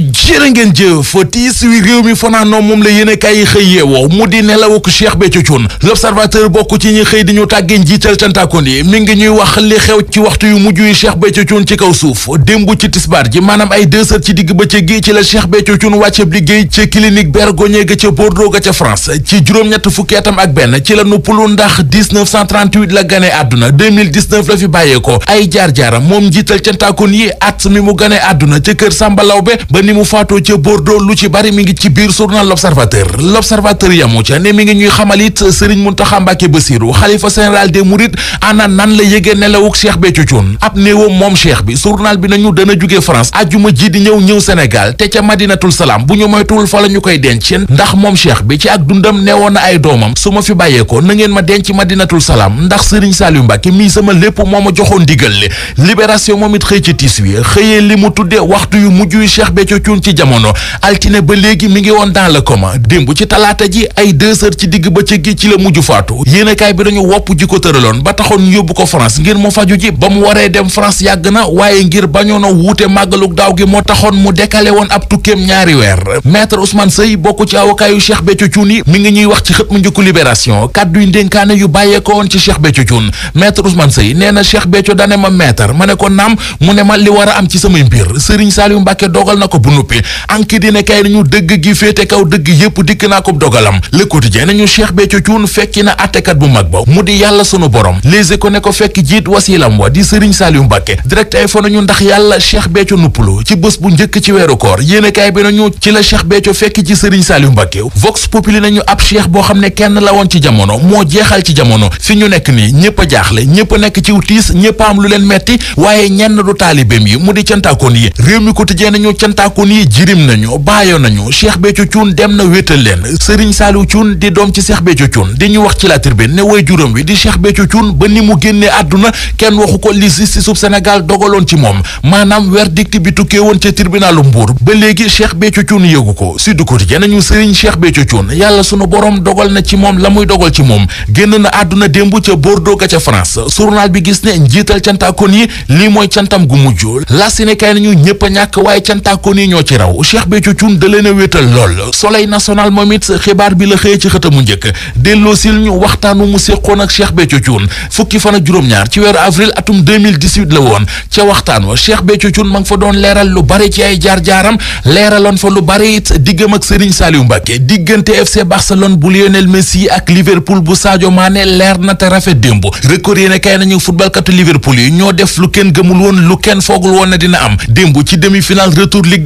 jërë ngeen jëf tiis wi réew mi fanaanoo moom la yéen a kaay xëy yeewoo mu di nelawu ko Cheikh Béthio Thioune l'observateur bokk ci ñi xëy di ñu tàggee njiital cantaakon yi mi ngi ñuy wax li xew ci waxtu yu mujj yi Cheikh Béthio Thioune ci kaw suuf démb ci tisbaar ji maanaam ay deux heures ci digg bëccëg gi ci la Cheikh Béthio Thioune wàcceb liggéey ca clinique Bergogne ga ca Bordeaux ga ca France ci juróom-ñett fukki atam ak benn ci la nuppalu ndax 1938 la gane àdduna 2019 la fi bàyyee ko ay jaar-jaaram moom njiital cantaakon yi at mi mu gane àdduna ca kër Samba Lawbe ni mu faatoo ca Bordeaux lu ci bari mi ngi ci biir journal l'observateur l'observateur yamu ca ne mi ngi ñuy xamal it Serigne Mountakha Mbacké Bassirou xalifa général des Mourides ana nan la yëgee nelawug Cheikh Béthio Thioune ab néewam moom cheikh bi journal bi nañu dana jóge France ajjuma ji ñëw ñëw Sénégal te ca Madinatul Salaam bu ñu moytuwul fa la ñu koy denc ndax moom cheikh bi ci ak dundam neewoon na ay doomam su ma fi bàyyeekoo na ngeen ma denc Madinatul Salaam ndax Serigne Saliou Mbacké mii sama lépp moo ma joxoon digal li libération moom it xëy ci tiis wi xëyee li mu tudde waxtu yu Mbacke Cuun ci jamono altine ba léegi mi ngi woon dans le coma démb ci talaata ji ay deux ci digg bëccëg gi ci la mujj faatu yéenekaay bi dañu wopp ji ko tëraloon ba taxoon ñu yóbbu ko France ngir mu faju ji ba mu waree dem France yàgg na waaye ngir bañoon a wuute màggalug daaw gi moo taxoon mu décalé woon ab tukkeem ñaari weer maître Ousmane Seye bokk ci avocat yu Cheikh Béthio Thioune yi mi ngi ñuy wax ci xët mu njëkku libération kàddu yu ndénkaane yu bàyyeeko woon ci Cheikh Béthio Thioune maître Ousmane Seye nee na Cheikh Béthio dane ma maître ma ne ko naam mu ne li war am ci samay mbir ko bu nuppee enquête dina kay nañu dëgg gi féete kaw dëgg yépp dikk naa ko dogalam Le Quotidien nañu Cheikh Béthio Thioune fekki na attekat bu mag ba mu di yàlla sunu borom Les Échos ne ko fekk jiit wasiilam wa di Serigne Saliou Mbacké direct ay fa nañu ndax yàlla Cheikh Béthio nuppalu ci bés bu njëkk ci weeru koor yéenekaay bi nañu ci la Cheikh Béthio fekk ci Serigne Saliou Mbacké Vox Populi nañu ab cheikh boo xam ne kenn la woon ci jamono moo jeexal ci jamono fi ñu a a a am lu di cantaakoon diakon yi jirim nañu baayo nañu Cheikh Béthio Thioune dem na wéetal leen Serigne Saliou Thioune di doom ci Cheikh Béthio Thioune di ñu wax ci La Tribune ne way juróom wi di Cheikh Béthio Thioune ba ni mu génnee àdduna kenn waxu ko li justice sub Sénégal dogaloon ci moom maanaam verdict bi tukkee woon ca tribunalu Mbour ba léegi Cheikh Béthio Thioune yëgu ko Sud Quotidien nañu Serigne Cheikh Béthio Thioune yàlla sunu borom dogal na ci moom la muy dogal ci moom génn na àdduna démb ca Bordeaux ga ca France journal bi gis ne njiital cantaakon yi lii mooy cantam gu mujj la ni ñoo ci raw Cheikh Béthio Thioune da a wéetal lool soleil national moom it xibaar bi la xëyee ci xëtamu njëkk delloo sil ñu waxtaanu mu séqoon ak Cheikh Béthio Thioune fukki fan juróom-ñaar ci weeru avril atum la woon ca waxtaan wa Cheikh Béthio Thioune ma ngi fa doon leeral lu bari ci ay jaar-jaaram leeraloon fa lu bari it diggam ak Serigne Saliou Mbacké diggante FC Barcelone bu Lionel Messi ak Liverpool bu Sadio Mané leer na te rafet démb record yéene kay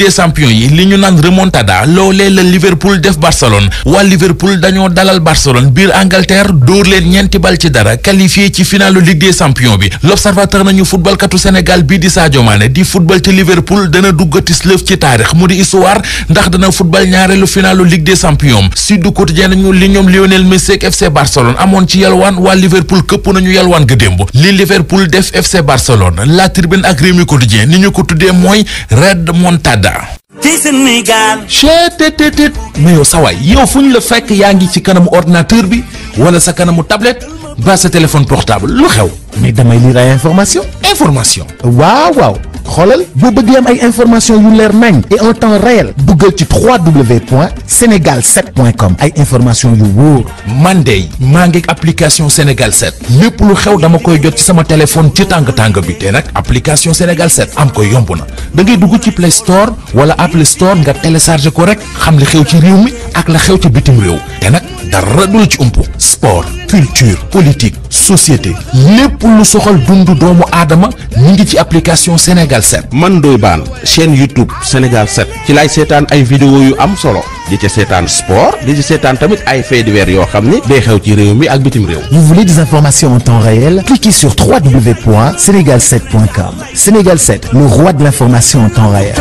des champions yi li ñu naan remontada loolee la Liverpool def Barcelone waa Liverpool dañoo dalal Barcelone biir Angleterre dóor leen ñeenti bal ci dara qualifié ci finalu Ligue des champions bi l'observateur nañu football katu Sénégal di Sadio Mané di football ci Liverpool dana duggatis lëf ci taarix mu di histoire ndax dana football ñaareelu finalu Ligue des champions Sud Quotidien nañu li ñoom Lionel Messi FC Barcelone amoon ci yalwaan waa Liverpool këpp nañu Canada. ci Sénégal. cheetetetet mais yow sawaay yow fu la fekk yaa ngi ci kanamu ordinateur bi wala sa kanamu tablet ba sa téléphone portable lu xew mais damay lire ay information information waaw waaw. xoolal boo bëgg am ay information yu leer nañ et en temps réel duggal ci wwwsenegal comme ay information yu wóor man de maa ngi application Sénégal 7 lépp lu xew dama koy jot ci sama téléphone ci tàng tàng bi te nag application Sénégal 7 am ko yomb na da dugg ci Play Store wala Apple Store nga télécharge ko rek xam li xew ci réew mi ak la xew ci bitim réew te nag dara du la ci umpu sport culture politique société lépp lu soxal dundu doomu aadama ñu ngi ci application Sénégal 7 man doy baan chaîne YouTube Sénégal 7 ci laay seetaan ay vidéo yu am solo di ca seetaan sport di ci seetaan tamit ay faits divers yoo xam ni day xew ci réew mi ak bitim réew. Vous voulez des informations en temps réel? Cliquez sur sénégal 7com Sénégal 7, le roi de l'information en temps réel.